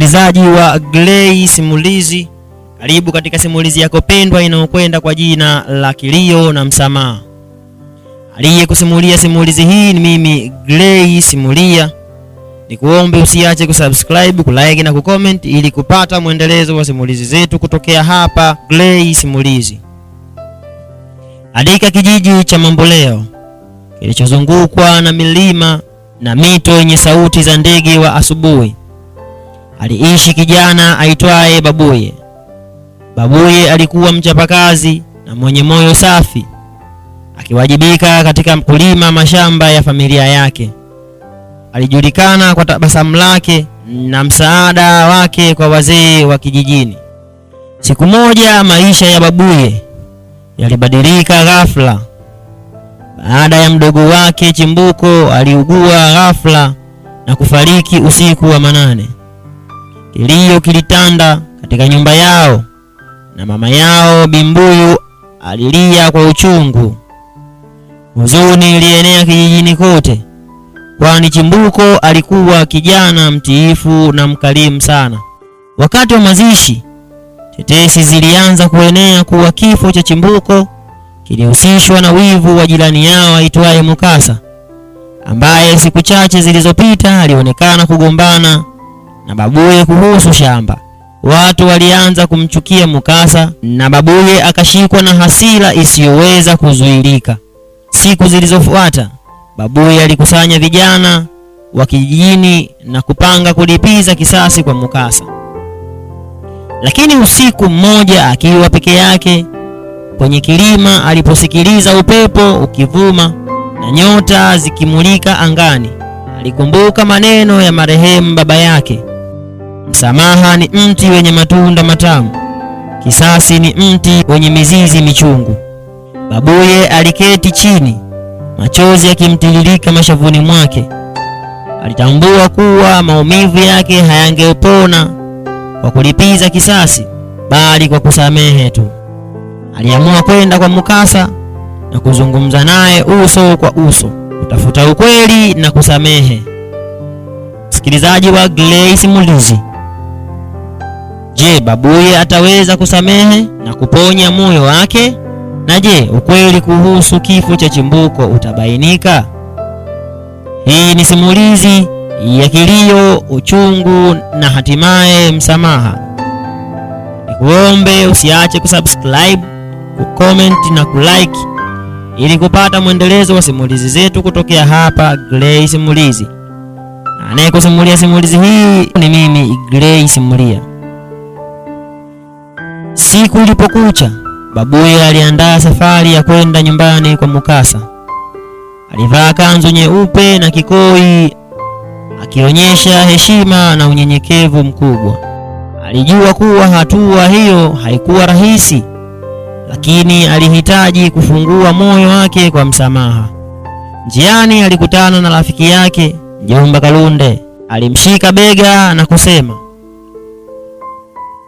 msikilizaji wa Gray Simulizi, karibu katika simulizi yako pendwa inayokwenda kwa jina la Kilio na Msamaha. Aliyekusimulia simulizi hii ni mimi Gray Simulia. Nikuombe usiache kusubscribe, kulike na kucomment ili kupata mwendelezo wa simulizi zetu kutokea hapa Gray Simulizi. adika kijiji cha Mamboleo kilichozungukwa na milima na mito yenye sauti za ndege wa asubuhi, aliishi kijana aitwaye Babuye. Babuye alikuwa mchapakazi na mwenye moyo safi, akiwajibika katika kulima mashamba ya familia yake. Alijulikana kwa tabasamu lake na msaada wake kwa wazee wa kijijini. Siku moja maisha ya Babuye yalibadilika ghafla. Baada ya mdogo wake Chimbuko aliugua ghafla na kufariki usiku wa manane. Kilio kilitanda katika nyumba yao, na mama yao Bimbuyu alilia kwa uchungu. Huzuni ilienea kijijini kote, kwani Chimbuko alikuwa kijana mtiifu na mkarimu sana. Wakati wa mazishi, tetesi zilianza kuenea kuwa kifo cha Chimbuko kilihusishwa na wivu wa jirani yao aitwaye Mukasa, ambaye siku chache zilizopita alionekana kugombana na babuye kuhusu shamba. Watu walianza kumchukia Mukasa na babuye akashikwa na hasira isiyoweza kuzuilika. Siku zilizofuata, babuye alikusanya vijana wa kijijini na kupanga kulipiza kisasi kwa Mukasa. Lakini usiku mmoja, akiwa peke yake kwenye kilima, aliposikiliza upepo ukivuma na nyota zikimulika angani, alikumbuka maneno ya marehemu baba yake Msamaha ni mti wenye matunda matamu, kisasi ni mti wenye mizizi michungu. Babuye aliketi chini, machozi yakimtiririka mashavuni mwake. Alitambua kuwa maumivu yake hayangepona kwa kulipiza kisasi, bali kwa kusamehe tu. Aliamua kwenda kwa Mukasa na kuzungumza naye uso kwa uso, kutafuta ukweli na kusamehe. Msikilizaji wa Grace Muluzi Je, babuye ataweza kusamehe na kuponya moyo wake? Na je, ukweli kuhusu kifo cha chimbuko utabainika? Hii ni simulizi ya kilio, uchungu na hatimaye msamaha. Nikuombe usiache kusubscribe, kucomment na kulike ili kupata mwendelezo wa simulizi zetu kutokea hapa Gray Simulizi. Anayekusimulia simulizi hii ni mimi Gray Simulia. Siku ilipokucha, babuye aliandaa safari ya kwenda nyumbani kwa Mukasa. Alivaa kanzu nyeupe na kikoi, akionyesha heshima na unyenyekevu mkubwa. Alijua kuwa hatua hiyo haikuwa rahisi, lakini alihitaji kufungua moyo wake kwa msamaha. Njiani alikutana na rafiki yake mjomba Kalunde. Alimshika bega na kusema,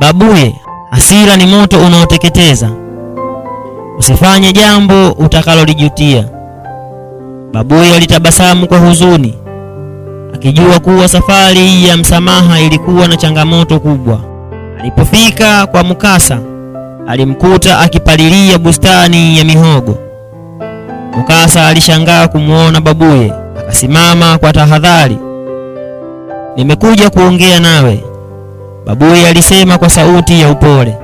babuye Hasira ni moto unaoteketeza. Usifanye jambo utakalolijutia. Babuye alitabasamu kwa huzuni, akijua kuwa safari ya msamaha ilikuwa na changamoto kubwa. Alipofika kwa Mukasa, alimkuta akipalilia bustani ya mihogo. Mukasa alishangaa kumwona babuye, akasimama kwa tahadhari. Nimekuja kuongea nawe. Babuye alisema kwa sauti ya upole.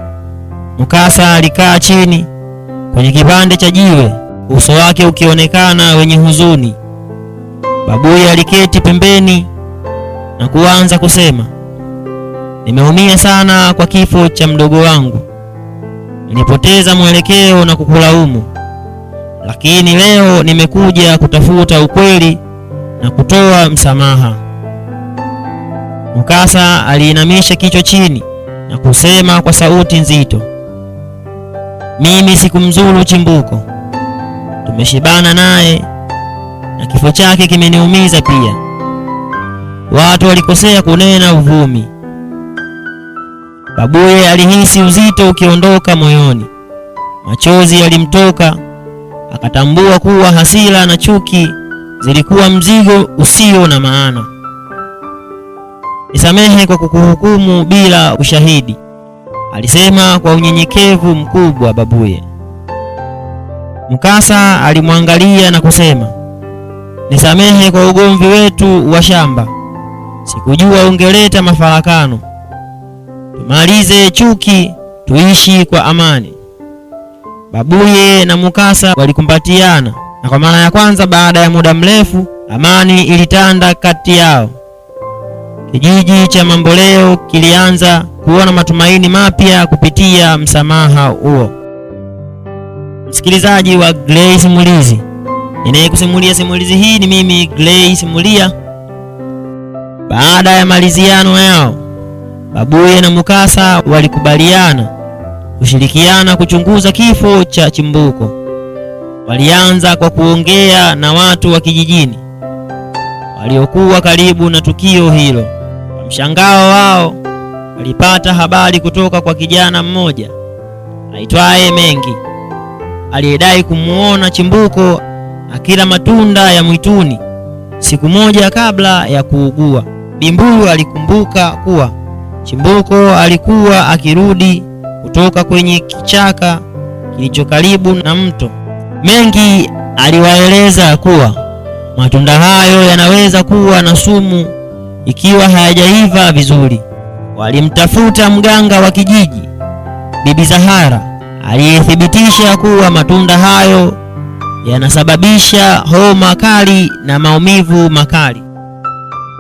mukasa alikaa chini kwenye kipande cha jiwe, uso wake ukionekana wenye huzuni. Babuye aliketi pembeni na kuanza kusema, nimeumia sana kwa kifo cha mdogo wangu, nilipoteza mwelekeo na kukulaumu, lakini leo nimekuja kutafuta ukweli na kutoa msamaha. Mkasa aliinamisha kichwa chini na kusema kwa sauti nzito, mimi sikumzuru chimbuko, tumeshibana naye na kifo chake kimeniumiza pia. Watu walikosea kunena uvumi. Babuye alihisi uzito ukiondoka moyoni, machozi yalimtoka, akatambua kuwa hasira na chuki zilikuwa mzigo usio na maana nisamehe kwa kukuhukumu bila ushahidi, alisema kwa unyenyekevu mkubwa babuye. Mkasa alimwangalia na kusema, nisamehe kwa ugomvi wetu wa shamba, sikujua ungeleta mafarakano. Tumalize chuki, tuishi kwa amani. Babuye na Mukasa walikumbatiana, na kwa mara ya kwanza baada ya muda mrefu amani ilitanda kati yao. Kijiji cha Mamboleo kilianza kuona matumaini mapya kupitia msamaha huo. Msikilizaji wa Gray Simulizi, ninayekusimulia simulizi hii ni mimi Gray Simulia. Baada ya maliziano yao, Babuye na Mukasa walikubaliana kushirikiana kuchunguza kifo cha chimbuko. Walianza kwa kuongea na watu wa kijijini waliokuwa karibu na tukio hilo mshangao wao walipata habari kutoka kwa kijana mmoja aitwaye Mengi aliyedai kumuona Chimbuko akila matunda ya mwituni siku moja kabla ya kuugua. Bimbuyu alikumbuka kuwa Chimbuko alikuwa akirudi kutoka kwenye kichaka kilicho karibu na mto. Mengi aliwaeleza kuwa matunda hayo yanaweza kuwa na sumu ikiwa hayajaiva vizuri. Walimtafuta mganga wa kijiji, Bibi Zahara, aliyethibitisha kuwa matunda hayo yanasababisha homa kali na maumivu makali.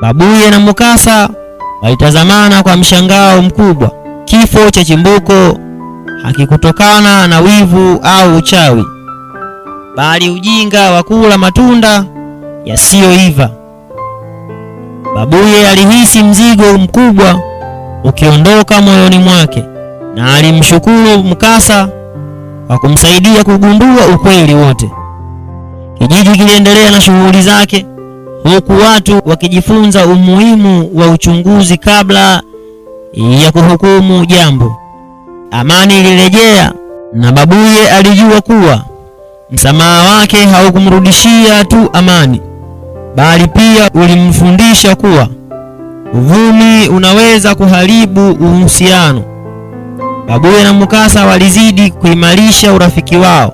Babuye na Mukasa walitazamana kwa mshangao mkubwa. Kifo cha chimbuko hakikutokana na wivu au uchawi, bali ujinga wa kula matunda yasiyoiva. Babuye alihisi mzigo mkubwa ukiondoka moyoni mwake na alimshukuru mkasa kwa kumsaidia kugundua ukweli wote. Kijiji kiliendelea na shughuli zake huku watu wakijifunza umuhimu wa uchunguzi kabla ya kuhukumu jambo. Amani ilirejea na babuye alijua kuwa msamaha wake haukumrudishia tu amani bali pia ulimfundisha kuwa uvumi unaweza kuharibu uhusiano. Babuye na Mukasa walizidi kuimarisha urafiki wao,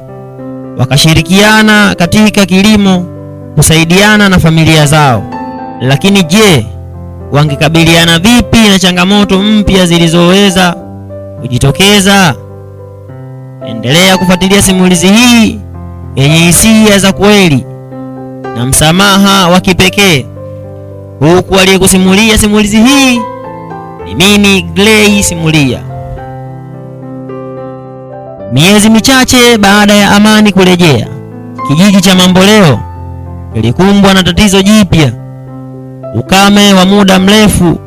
wakashirikiana katika kilimo, kusaidiana na familia zao. Lakini je, wangekabiliana vipi na changamoto mpya zilizoweza kujitokeza? Endelea kufuatilia simulizi hii yenye hisia za kweli na msamaha wa kipekee. Huku aliyekusimulia simulizi hii ni mimi Gray Simulia. Miezi michache baada ya amani kurejea, kijiji cha Mamboleo kilikumbwa na tatizo jipya. Ukame wa muda mrefu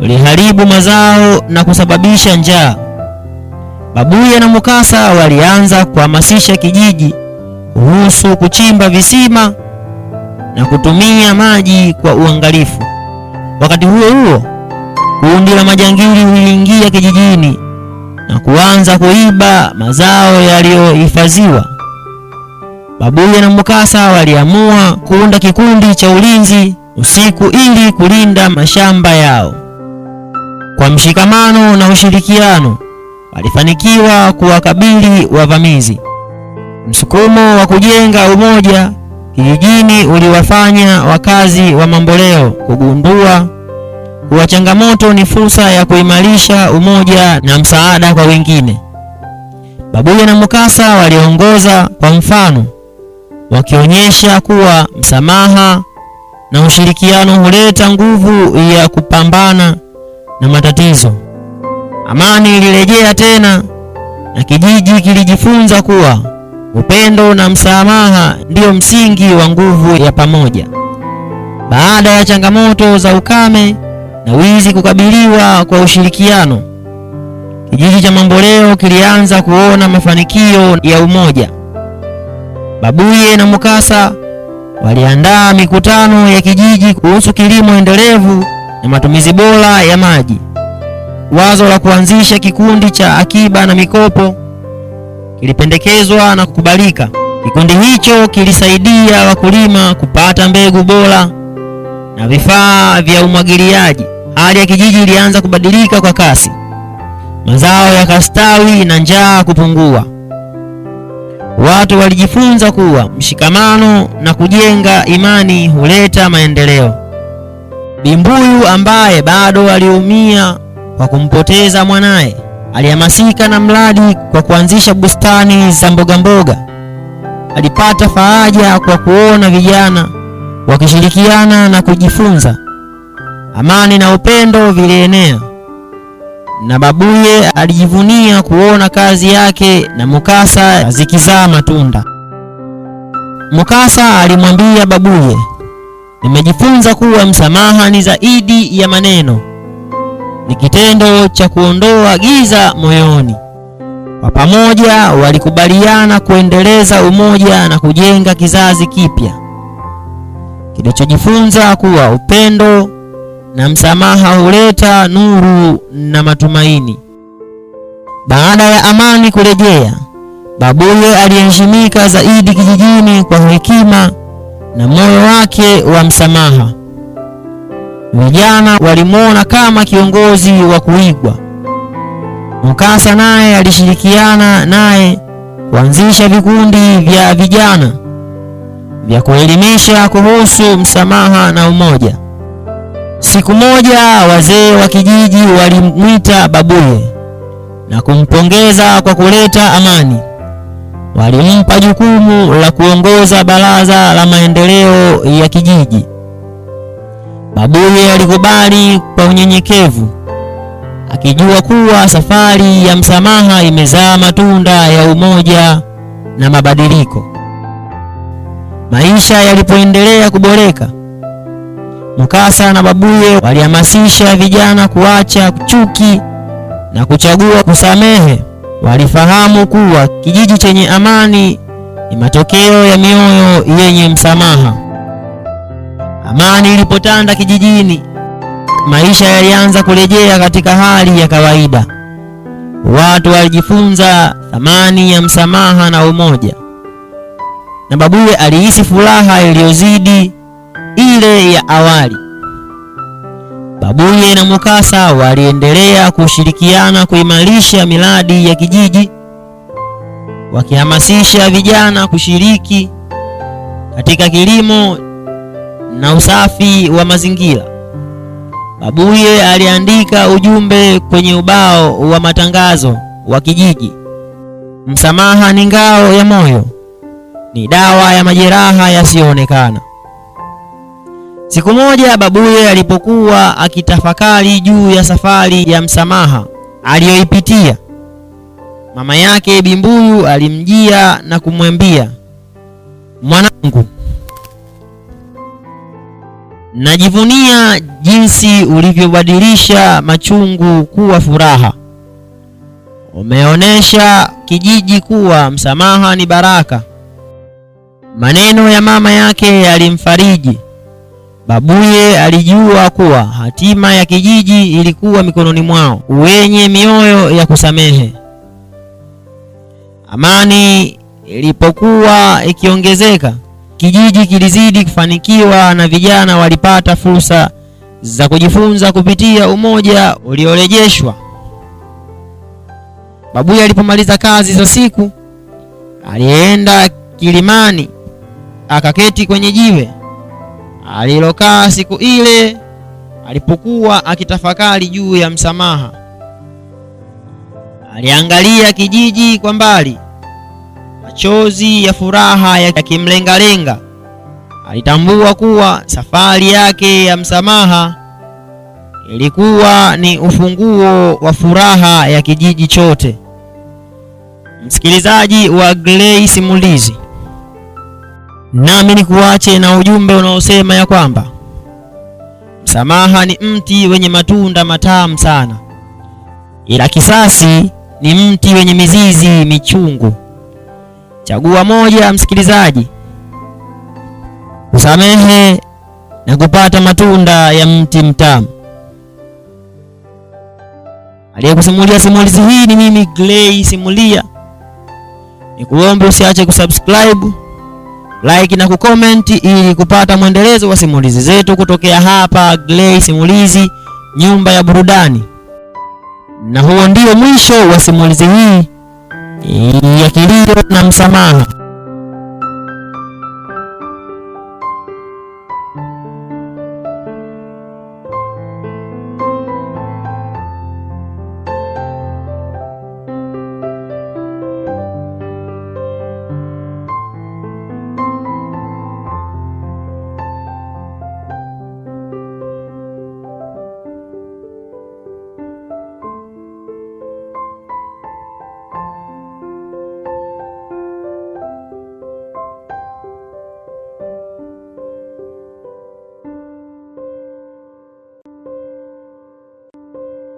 uliharibu mazao na kusababisha njaa. Babuya na Mukasa walianza kuhamasisha kijiji kuhusu kuchimba visima na kutumia maji kwa uangalifu. Wakati huo huo, kundi la majangili liliingia kijijini na kuanza kuiba mazao yaliyohifadhiwa. babuye na Mukasa waliamua kuunda kikundi cha ulinzi usiku ili kulinda mashamba yao. Kwa mshikamano na ushirikiano, walifanikiwa kuwakabili wavamizi. Msukumo wa kujenga umoja kijijini uliwafanya wakazi wa mamboleo kugundua kuwa changamoto ni fursa ya kuimarisha umoja na msaada kwa wengine. babuye na Mukasa waliongoza kwa mfano, wakionyesha kuwa msamaha na ushirikiano huleta nguvu ya kupambana na matatizo. Amani ilirejea tena na kijiji kilijifunza kuwa Upendo na msamaha ndiyo msingi wa nguvu ya pamoja. Baada ya changamoto za ukame na wizi kukabiliwa kwa ushirikiano, kijiji cha Mamboleo kilianza kuona mafanikio ya umoja. Babuye na Mukasa waliandaa mikutano ya kijiji kuhusu kilimo endelevu na matumizi bora ya maji. Wazo la kuanzisha kikundi cha akiba na mikopo kilipendekezwa na kukubalika. Kikundi hicho kilisaidia wakulima kupata mbegu bora na vifaa vya umwagiliaji. Hali ya kijiji ilianza kubadilika kwa kasi, mazao yakastawi na njaa kupungua. Watu walijifunza kuwa mshikamano na kujenga imani huleta maendeleo. Bimbuyu ambaye bado aliumia kwa kumpoteza mwanaye Alihamasika na mradi kwa kuanzisha bustani za mbogamboga. Alipata faraja kwa kuona vijana wakishirikiana na kujifunza. Amani na upendo vilienea, na babuye alijivunia kuona kazi yake na Mukasa zikizaa matunda. Mukasa alimwambia babuye, nimejifunza kuwa msamaha ni zaidi ya maneno ni kitendo cha kuondoa giza moyoni. Kwa pamoja walikubaliana kuendeleza umoja na kujenga kizazi kipya kilichojifunza kuwa upendo na msamaha huleta nuru na matumaini. Baada ya amani kurejea, Babuye aliheshimika zaidi kijijini kwa hekima na moyo wake wa msamaha. Vijana walimwona kama kiongozi wa kuigwa. Mkasa naye alishirikiana naye kuanzisha vikundi vya vijana vya kuelimisha kuhusu msamaha na umoja. Siku moja wazee wa kijiji walimwita babuye na kumpongeza kwa kuleta amani. Walimpa jukumu la kuongoza baraza la maendeleo ya kijiji. Babuye alikubali kwa unyenyekevu, akijua kuwa safari ya msamaha imezaa matunda ya umoja na mabadiliko. Maisha yalipoendelea kuboreka, Mukasa na Babuye walihamasisha vijana kuacha chuki na kuchagua kusamehe. Walifahamu kuwa kijiji chenye amani ni matokeo ya mioyo yenye msamaha. Amani ilipotanda kijijini, maisha yalianza kurejea katika hali ya kawaida. Watu walijifunza thamani ya msamaha na umoja, na babuye alihisi furaha iliyozidi ile ya awali. Babuye na Mukasa waliendelea kushirikiana kuimarisha miradi ya kijiji, wakihamasisha vijana kushiriki katika kilimo na usafi wa mazingira. Babuye aliandika ujumbe kwenye ubao wa matangazo wa kijiji: msamaha ni ngao ya moyo, ni dawa ya majeraha yasiyoonekana. Siku moja babuye alipokuwa akitafakari juu ya safari ya msamaha aliyoipitia, mama yake Bimbuyu alimjia na kumwambia, mwanangu Najivunia jinsi ulivyobadilisha machungu kuwa furaha. Umeonesha kijiji kuwa msamaha ni baraka. Maneno ya mama yake yalimfariji. Babuye alijua kuwa hatima ya kijiji ilikuwa mikononi mwao, wenye mioyo ya kusamehe. Amani ilipokuwa ikiongezeka, Kijiji kilizidi kufanikiwa na vijana walipata fursa za kujifunza kupitia umoja uliorejeshwa. Babuya alipomaliza kazi za siku, alienda kilimani akaketi kwenye jiwe alilokaa siku ile alipokuwa akitafakari juu ya msamaha. Aliangalia kijiji kwa mbali, machozi ya furaha yakimlengalenga, alitambua kuwa safari yake ya msamaha ilikuwa ni ufunguo wa furaha ya kijiji chote. Msikilizaji wa Gray Simulizi, nami nikuache na ujumbe unaosema ya kwamba msamaha ni mti wenye matunda matamu sana, ila kisasi ni mti wenye mizizi michungu. Chagua moja, msikilizaji: kusamehe na kupata matunda ya mti mtamu. Aliyekusimulia simulizi hii ni mimi Clay Simulia. Nikuombe usiache kusubscribe, like na kucomment ili kupata mwendelezo wa simulizi zetu kutokea hapa Clay Simulizi, nyumba ya burudani. Na huo ndio mwisho wa simulizi hii ya kilio na msamaha